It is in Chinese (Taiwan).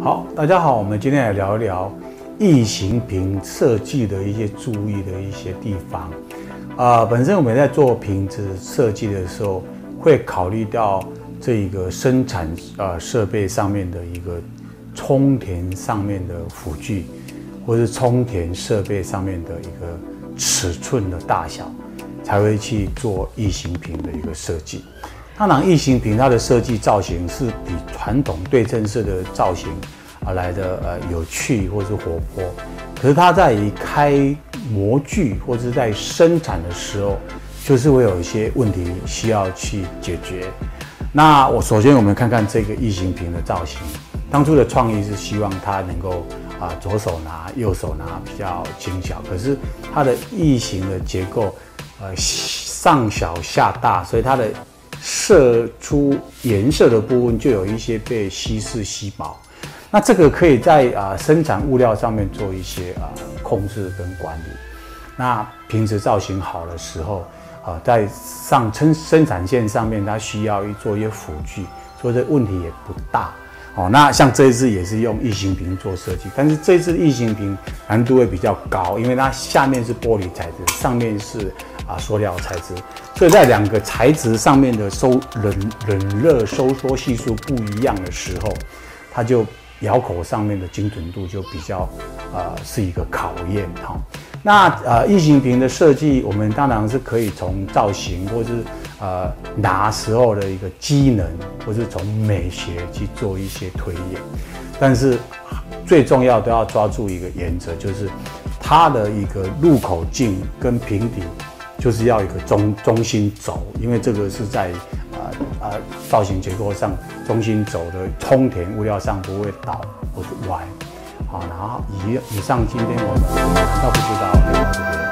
好，大家好，我們今天來聊一聊異形瓶設計的一些注意的一些地方、呃。啊，本身我們在做瓶子設計的時候，會考慮到這一個生產啊、呃、設備上面的一個充填上面的輔具，或是充填設備上面的一個尺寸的大小，才會去做異形瓶的一個設計。那款異形瓶，它的設計造型是比傳統對稱式的造型而來的呃有趣或是活潑。可是它在開模具或是在生產的時候，就是會有一些問題需要去解決。那我首先我們看看這個異形瓶的造型。當初的創意是希望它能夠啊，左手拿，右手拿比較輕巧，可是它的異形的結構，呃，上小下大，所以它的。射出顏色的部分就有一些被稀釋、稀薄，那這個可以在啊、呃、生產物料上面做一些啊、呃、控制跟管理。那平時造型好的時候，啊、呃、在上生生產線上面它需要一做一些輔具，所以這問題也不大哦。那像這一次也是用異形瓶做設計，但是這一次異形瓶難度會比較高，因為它下面是玻璃材質，上面是。啊，塑料材質，所以在兩個材質上面的收冷冷熱收縮係數不一樣的時候，它就窯口上面的精準度就比較，呃，是一個考驗哈、哦。那呃，異形瓶的設計，我們當然是可以從造型，或是呃拿時候的一個機能，或是從美學去做一些推演，但是最重要都要抓住一個原則，就是它的一個入口徑跟瓶底。就是要一個中中心軸，因為這個是在，啊、呃、啊、呃、造型結構上中心軸的充填物料上不會倒，或者歪，好，然後以以上今天我們難道不知道？